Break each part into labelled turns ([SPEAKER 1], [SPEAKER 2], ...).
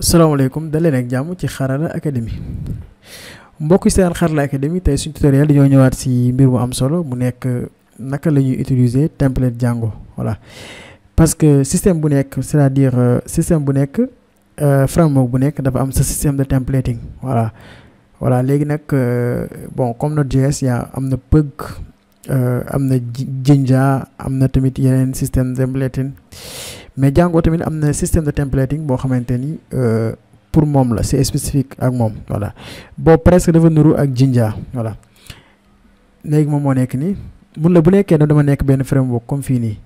[SPEAKER 1] salaamaaleykum daleen ak jàmm ci Xarala Academy mbokk seen Xarala Academy tey suñu tutoriel dañoo ñëwaat si mbir mu am solo mu nekk naka la ñuy utiliser template jàngo voilà parce que système bu nekk c'est-à-dire euh, système bu nekk euh, framework bu nekk dafa am sa système de templating voilà voilà léegi nag euh, bon comme Node.js yaa am na Pug am na Jinja am na tamit yeneen système de templating mais Django tamit am na système de templating boo xamante ni euh, pour moom la c' est spécifique ak moom voilà boo presque dafa nuru ak Jinja voilà léegi moom moo nekk ni mun la bu nekkee dama nekk benn framework comme fii nii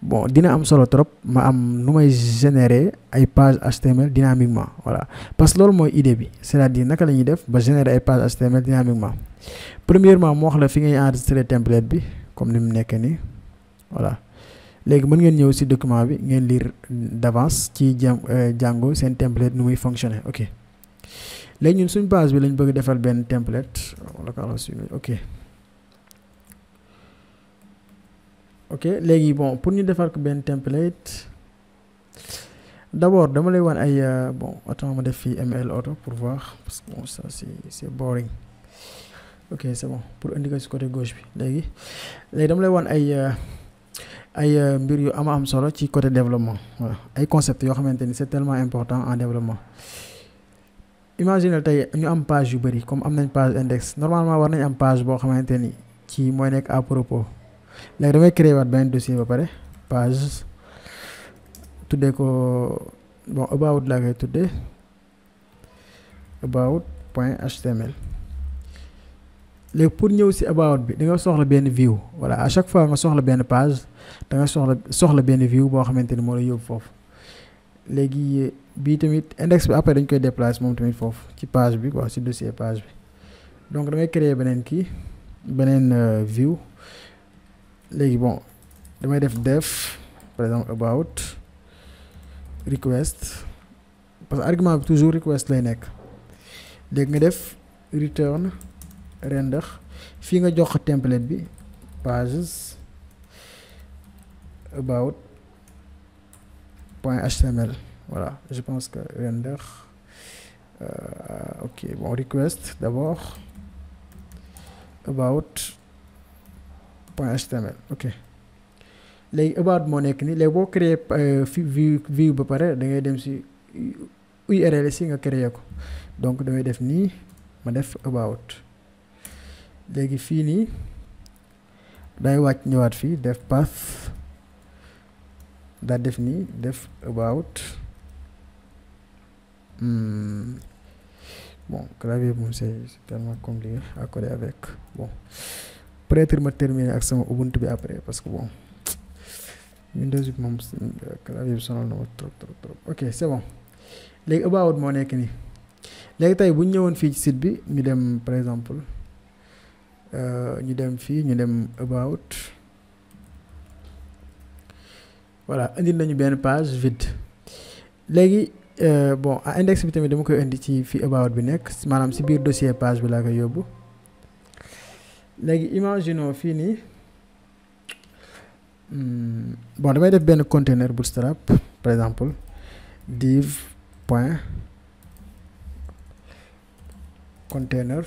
[SPEAKER 1] bon dina am solo trop ma am nu may généré ay page HTML dynamiquement voilà parce que loolu mooy idée bi c' est à dire naka la ñuy def ba généré ay page HTML dynamiquement premièrement moo wax la fi ngay enregistré template bi comme ni mu nekk nii voilà. léegi mën ngeen ñëw si document bi ngeen lire d'avance ci Django euh, seen template nu muy fonctionner ok léegi ñun suñ base bi lañ bëgg defal benn template ok ok léegi bon pour ñu defal ko benn template d'abord dama lay wan ay euh, bon attends ma def fi ml auto pour voir parce que bon ça c'est c'est boring ok c'est bon pour indiquer si côté gauche bi léegi léegi dama lay wan ay euh, ay euh, mbir yu am am solo ci côté développement voilà ay concepts yo xamanteni c'est tellement important en développement. imagine tay ñu am page yu bari comme am nañ page index normalement war nañ am page bo xamanteni ci moy nek à propos léegi damay créer waat ben dossier ba paré page tudé ko bon about la koy tudé about point html léegi pour ñëw si about bi da nga soxla benn view voilà à chaque fois nga soxla benn page da nga soxla soxla benn view boo xamante ni moo la yóbbu foofu léegi bii tamit index bi après dañ koy déplacer moom tamit foofu ci page bi quoi si dossier page bi donc damay créer beneen kii beneen euh, view léegi bon damay def def par exemple about request parce que argument bi toujours request lay nekk léegi nga def return rendex fii nga jox template bi pages about point html voilà je pense que render euh, ok bon request d'abord about point html ok léegi about moo nekk nii léegi boo créer euh, view view ba pare da ngay dem si url si nga créer ko donc damay def nii ma def about legi fii nii day wàcc ñëwaat fii def path da def nii def about hmm, bon clavier moom c'est tellement compliqué à coder avec bon peut-être ma terminer ak sama ubuntu bi après parce que bon Windows bi moom clavier bi sonal na ma trop trop trop ok c'est bon léegi about moo nekk nii léegi tey bu ñu ñëwoon fii ci site bi ñu dem par exemple Eh, ñu dem fii ñu dem about voilà indi nañu benn page vide léegi eh, bon à ah, index bi tamit dama koy indi ci fi about bi nekk maanaam si biir dossier page bi laa koy yóbbu léegi imaginons fii nii hmm, bon damay def benn container bootstrap par exemple div point container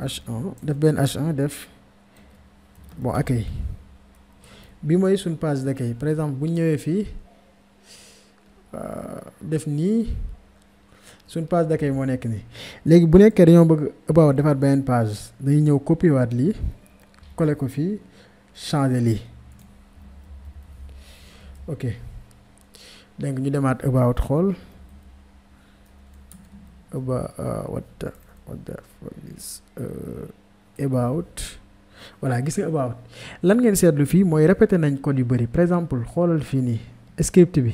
[SPEAKER 1] h1 def ben h1 def bon accueil bi mooy une page d'accueil par exemple bu ñëwee fi. Euh, def ni. Une page d'accueil moo nekk les bonnes bu about page ñëw copier waat ko changer ok donc ñu demandons about hall. about euh, what what the uh, gis nga about lan ngeen seetlu fii mooy répété nañ code yu bëri par exemple xoolal fii nii script bi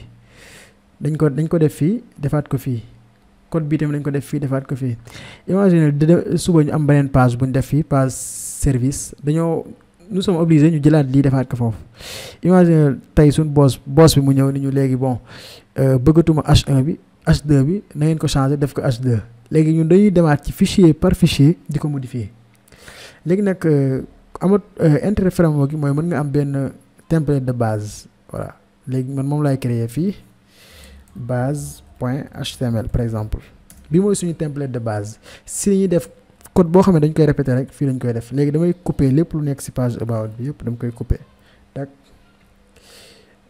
[SPEAKER 1] dañ ko dañ ko def fii defaat ko fii code bi tamit dañ ko def fii defaat ko fii imagine suba ñu am beneen page bu ñu def fii page service dañoo nu sommes obligés ñu jëlaat lii defaat ko foofu imagine tey suñ boss boss bi mu ñëw ni ñu léegi bon euh, bëggatuma H1 bi h bi na ngeen ko changer def ko H2 léegi ñun dañuy demaat ci fichier par fichier di ko modifier léegi nag euh, amat euh, intérêt framework gi mooy mën nga am benn template de base voilà léegi man moom lay créer fii base point html par exemple bi mooy suñu template de base si ñuy def code boo xam ne dañ koy répéter rek fii lañ koy def léegi damay couper lépp lu nekk si page about bi yëpp dama koy couper tak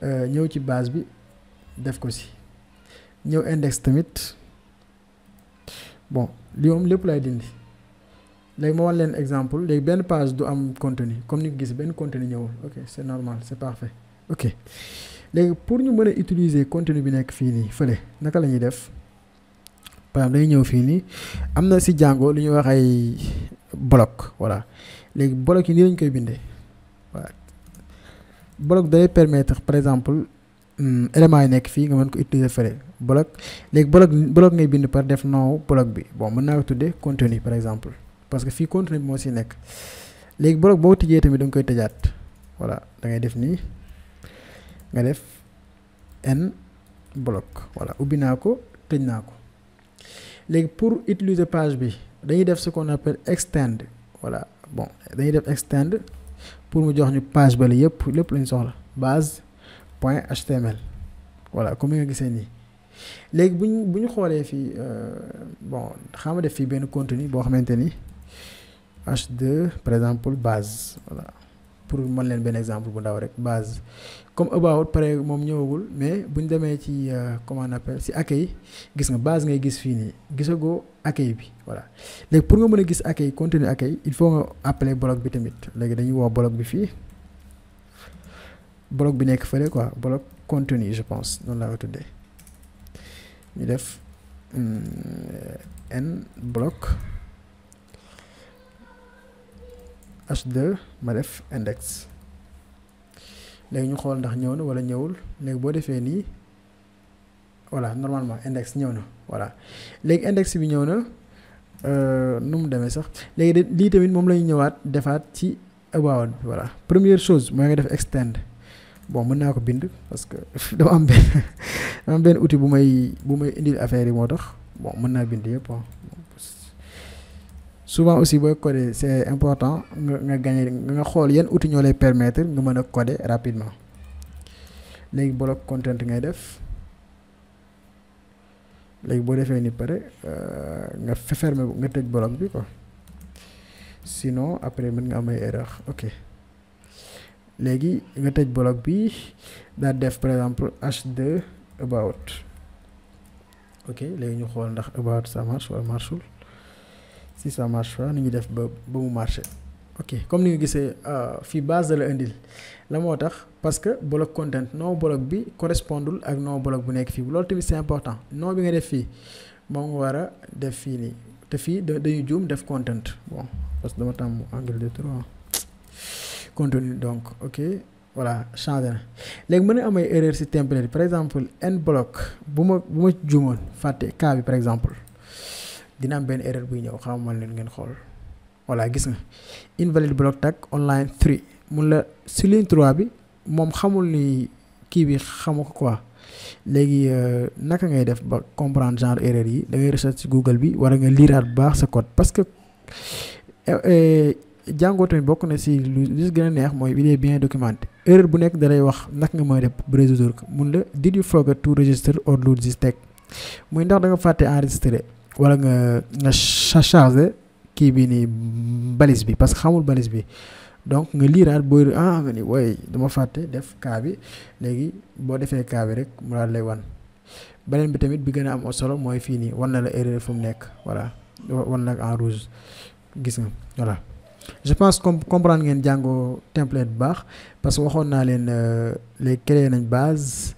[SPEAKER 1] euh, ñëw ci base bi def ko si ñëw index tamit bon li moom lépp laay dindi léegi ma wan leen exemple léegi benn page du am contenu comme ni ko gis benn contenu ñëwul ok c'est normal c'est parfait ok léegi pour ñu mën a utiliser contenu bi nekk fii nii fële naka la def par exemple dañuy ñëw fii nii am na si Django lu ñu wax ay bloc voilà léegi bloc yi nii lañ koy bindee voilà bloc day permettre par exemple élément yi nekk fii nga mën ko utiliser fële bloc léegi bloc bloc ngay bind par def nom bloc bi bon mën naa ko tuddee contenu par exemple parce que fii contenu bi moo si nekk léegi bloc boo tijjee tamit da nga koy tëjaat voilà da ngay def nii nga def n bloc voilà ubbi naa ko tëj naa ko léegi pour utiliser page bi dañuy def ce qu'on appelle extend voilà bon dañuy def extend pour mu jox ñu page bale yëpp lépp lañ soxla base point html voilà comme ni nga gisee nii léegi buñ ñu xoolee fii euh, bon xam nga def fii benn contenu boo xamante ni h2 par exemple base voilà pour mën leen benn exemple bu ndaw rek base comme about pare moom ñëwagul mais buñ ñu demee ci euh, comment on appelle si accueil gis nga base ngay gis fii nii gisagoo accueil bi voilà léegi pour nga mën a gis accueil contenu accueil il faut nga appeler bloc bi tamit léegi dañuy woo blog bi fii bloc bi nek fële quoi bloc contenu je pense non la ko ni def hmm, n bloc h2 ma def index léegi ñu xol ndax ñëw na wala ñëwul léegi bo défé ni voilà normalement index ñëw na voilà léegi index bi ñëw na euh, nu mu demee sax léegi li tamit mom la ñëwaat défaat ci about voilà première chose mooy nga def extend bon mën naa ko bind parce que dama am benn dama benn outil bu may bu may indil affaire yi moo tax bon mën naa bind yëpp souvent aussi booy coder c' est important nga nga gagné nga xool yan uti ñoo lay permettre nga mën a coder rapidement léegi bloc content ngay def léegi boo defee ni pare euh, nga fermer nga tëj bloc bi quoi sinon après mën nga am ay erreur léegi nga tëj bloc bi da def par exemple h2 about ok léegi ñu xool ndax about ça marche wala marchul si ça marche pas ni ñu def ba ba marche. ok comme ni nga gisee euh, fii base le indil la moo tax parce que bloc content nom bloc bi correspondul ak nom bloc bu nekk fii loolu tamit c'est important nom bi nga def fi, moo nga war def fii nii te fii dañu juum def content bon parce que dama tàmm angle de trop contenu donc ok voilà changé na léegi mën na am ay erreur ci template par exemple n block buma buma bu faté k bi par exemple dina am ben erreur bu ñew xam mal leen ngeen xol voilà gis nga invalid block tag online 3 mun la si ligne 3 bi mom xamul ni ki bi xamu quoi léegi euh, naka ngay def ba comprendre genre erreur yi da ngay recherche si Google bi wala nga lire bu baax sa code parce que euh, euh, jàngoo tamit bokk na si lu li gën a neex mooy il est bien documenté erreur bu nekk dalay wax nak nga mooy def ba résoudre ko mun la did you forget to register or lose this tag ndax da nga fàtte enregistré wala nga nga chargé kii bii nii balise bi parce que xamul balise bi donc nga liiraat booy ah dama fàtte def kaa bi léegi boo defee kaa bi rek mu daal lay wan beneen bi tamit bi gën a am solo mooy fii nii war na la erreur fu mu nekk voilà wan nag en rouge gis nga voilà. je pense comprendre ngeen Django template bu parce que waxon na len euh, les créer nañ base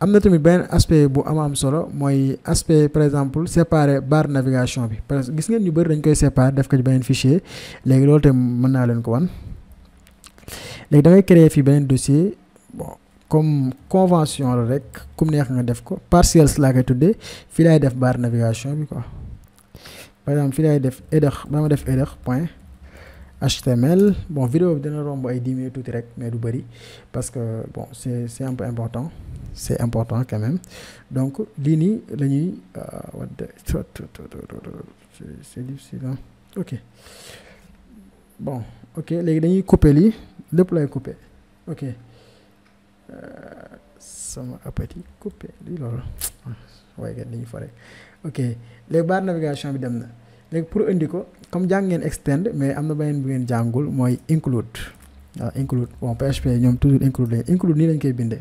[SPEAKER 1] amna na tamit benn aspect bu am am solo moy aspect par exemple séparer bar navigation bi parce que gis ngeen ñu bari dañ koy séparer def ko ci beneen fichier légui loolu tamit mën na len ko wan légui da ngay créer fi benen dossier bon comme convention la rek kum neex nga def ko partiel laa koy tuddee def bar navigation bi quoi par exemple fii laay def edex bama def edex point HTML bon vidéo de dina romb ay dix minutes tout rek mais du bari parce que bon c'est c'est un peu important c'est important quand même donc l'ini nii la euh, c'est c'est difficile hein. ok bon ok Les dañuy couper les lépp lay couper ok euh, sama appétit couper lii loolu ah, waaye dañuy fa ok Les barre navigation bi dem léegi pour indi ko comme jàngeen ngeen extend mais am na beneen bu ngeen jàngul mooy include waaw include bon PHP ñoom toujours include lañ include nii lañ koy bindee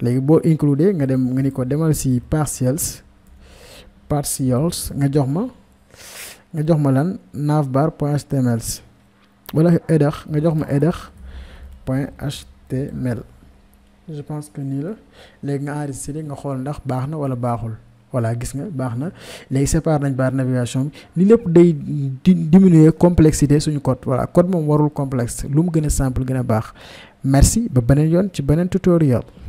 [SPEAKER 1] léegi boo include nga dem nga ni ko demal si partials partials nga jox ma nga jox ma lan navbar point html wala edax nga jox ma edax point html je pense que nii la léegi nga enregistré nga xool ndax baax na wala baaxul voilà gis nga baax na léegi séparé nañ barre navigation bi li lépp day diminuer complexité suñu code voilà code moom warul complexe lu mu gën a simple gën a baax merci ba beneen yoon ci beneen tutoriel